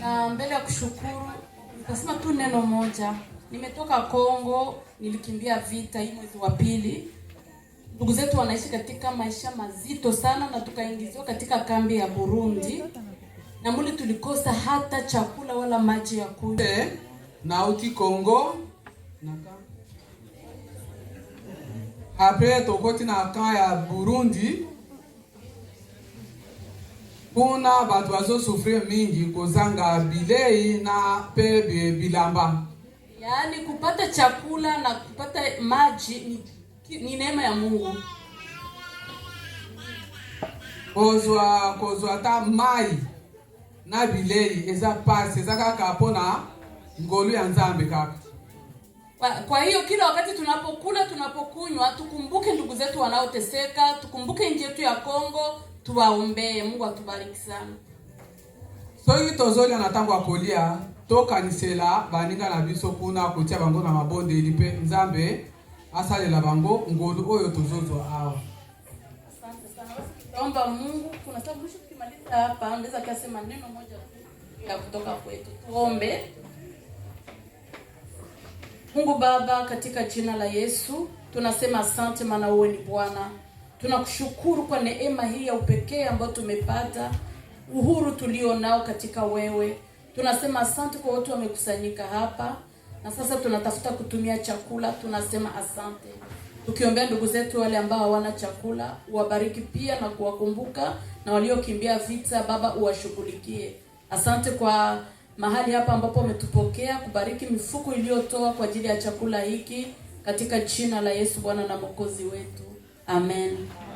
na mbele ya kushukuru nitasema tu neno moja. Nimetoka Kongo, nilikimbia vita hii mwezi wa pili. Ndugu zetu wanaishi katika maisha mazito sana, na tukaingiziwa katika kambi ya Burundi na muli tulikosa hata chakula wala maji ya kunywa. Eh, na uti Kongo apres tokoti na kambi ya Burundi kuna batu bazosufria mingi kozanga bilei na pe bilamba, yaani kupata chakula na kupata maji ni, neema ya Mungu. Kozwa kozwa ta mai na bilei eza pasi eza kaka pona ngolu ya Nzambe kaka. Kwa hiyo kila wakati tunapokula tunapokunywa, tukumbuke ndugu zetu wanaoteseka, tukumbuke nji yetu ya Kongo tuwaombee. Mungu atubariki sana. soki tozolia na ntango ya kolia tokanisela baninga na biso kuna kotia bango na mabondeli mpe nzambe asalela bango ngolu oyo tozozwa awa Omba Mungu. Kuna sababu mwisho tukimaliza hapa anaweza kasema neno moja ya kutoka kwetu. Tuombe. Mungu Baba, katika jina la Yesu tunasema asante, maana wewe ni Bwana. Tunakushukuru kwa neema hii ya upekee ambayo tumepata, uhuru tulio nao katika wewe. Tunasema asante kwa watu wamekusanyika hapa, na sasa tunatafuta kutumia chakula. Tunasema asante tukiombea ndugu zetu wale ambao hawana chakula, uwabariki pia na kuwakumbuka, na waliokimbia vita, Baba uwashughulikie. Asante kwa mahali hapa ambapo umetupokea, kubariki mifuko iliyotoa kwa ajili ya chakula hiki, katika jina la Yesu Bwana na Mwokozi wetu. Amen.